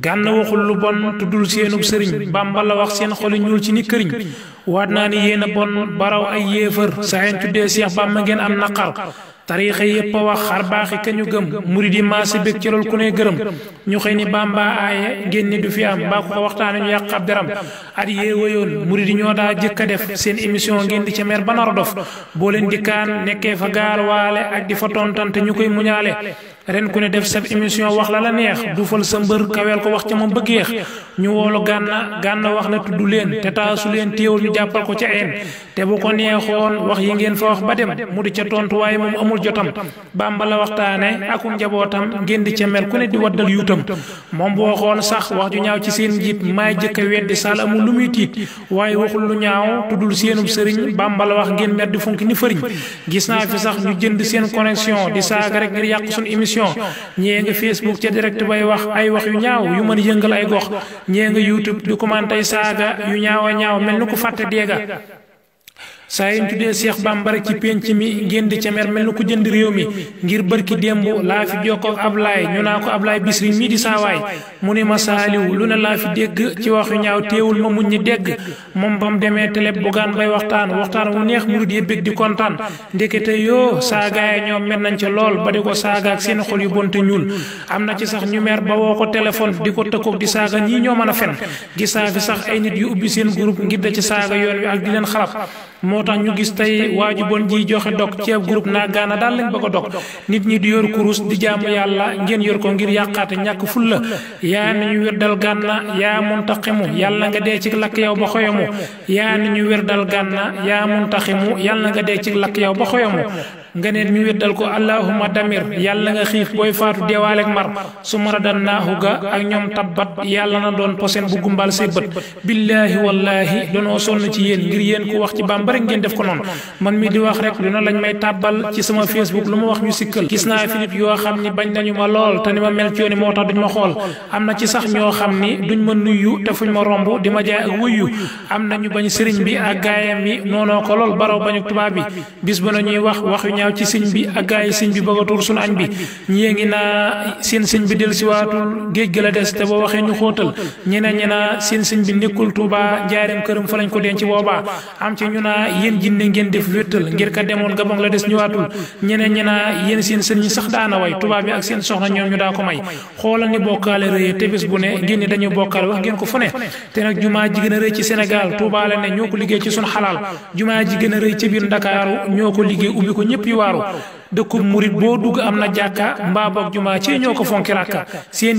gànna waxul lu bon tuddul seenub sëriñ bàmba la wax seen xoli ñuul ci ni këriñ waat naa ni yéen a bon baraw ay yéefër saa yéen tuddee seex bàmba ngeen am naqar tariixa yépp a wax xar baaxi ka ñu gëm murid yi maase bég ci lool ku ne gërëm ñu xëy ni bàmba aaye ngeen ni du fi am mbaa ko ko waxtaane ñu yàq ab deram at yee wéyoon murid yi ñoo daa jëkk a def seen émission ngeen di ca mer ba nar a fa gaar waale ak di fa tontante ñu koy ren ku ne def sab émission wax la la neex duufal sa mbër kaweel ko wax ca ma bëggeex ñu woolu gànna gànna wax na tudd leen te taasu leen téewul ñu jàppal ko ca een te bu ko neexoon wax yi ngeen fa wax ba dem mu di ca tontuwaay moom amul jotam bàmba la waxtaane akum njabootam ngeen di ca mel ku ne di waddal yuutam moom bu waxoon sax wax ju ñaaw ci seen njiit maay jëkk a weddi la amul lu muy tiit waaye waxul lu ñaaw tuddul seenub sëriñ bàmba la wax ngeen mer di funki ni fëriñ gis naa fi sax ñu jënd seen connexion di question ñee nga Facebook ca direct bay wax ay wax yu ñaaw yu mën yëngal ay gox ñee nga YouTube di commenter saaga yu ñaaw a ñaaw mel ni ku fàtte deega saa yu ñu tuddee Cheikh Bamba rek ci penc mi ngeen di ca jënd réew mi ngir barki démb laa fi jokkoo ak Ablaay ñu naa ko Ablaay Bisri mii di saawaay mu ne ma saaliw lu ne laa fi dégg ci waxu ñaaw teewul ma muñ ñi dégg moom ba mu demee télé bugaan bay waxtaan waxtaan wu neex murid yi bég di kontaan ndekete yoo saagaay ñoom mer nañ ca lool ba di ko saaga seen xol yu bonte ñuul am na ci sax ñu mer ba woo ko téléphone di ko tëkkoog di saaga ñii ñoo mën a fen gis sax ay nit yu ubbi seen groupe ngir da ci saaga yoon wi ak di leen xarab moo tax ñu gis tey waa ji bon ji joxe dog ceeb groupe naa gaana daal lañ ba ko dog nit ñi di yor kurus di jaamu yàlla ngeen yor ko ngir yàqaate ñàkk fulla yaa ni ñu wér dal gànna yaa muntaximu yàlla nga dee ci lakk yow ba xoyamu yaa ni ñu wér dal gànna yaa muntaximu yàlla nga dee ci lakk yow ba xoyamu nga ne ñu weddal ko allahuma damir yàlla nga xiif booy faatu deewaaleek mar su mara dan naaxu ga ak ñoom tabbat yàlla na doon posen bu gumbal say bët billaahi wallaahi danoo sonn ci yéen ngeen def ko noonu man mi di wax rek lu ne lañ may tàbbal ci sama Facebook lu ma wax ñu sikkal gis naa fi yoo xam ni bañ nañu ma lool te ni ma mel ci yoon moo tax duñ ma xool am na ci sax ñoo xam ni duñ ma nuyu te fuñ ma romb di ma jaay ak wuyu am nañu bañ sëriñ bi ak gaayam yi noonoo ko lool baraw bañu tubaab bi bis ba nañuy wax wax yu ñaaw ci sëñ bi ak gaay yi bi bëgg a tuur suñu añ bi ñii ngi naa seen sëñ bi del siwaatul géej gi la des te boo waxee ñu xóotal ñeneen ñi naa seen sëñ bi nekkul Tuubaa jaareem këram fa lañ ko denc boobaa am ci ñu yéen jinne ngeen def wéttal ngir ka demoon ga la des ñëwaatul ñeneen ñe naa yéen seen sëñ ñi sax daana way tubaab bi ak seen soxna ñoom ñu daa ko may xoolal ni bokkaale rëy te bés bu ne ngeen ni dañu bokkaale wax ngeen ko fu ne te nag jumaa ji a rëy ci Sénégal Tuubaa ne ñoo ko liggéey ci sun xalaal jumaa ji a rëy ci biir Ndakaaru ñoo ko liggéey ubbi ko ñëpp waaru dëkkub murit boo dugg am na jàkka mbaa boog jumaa ci ñoo ko fonki ràkka seen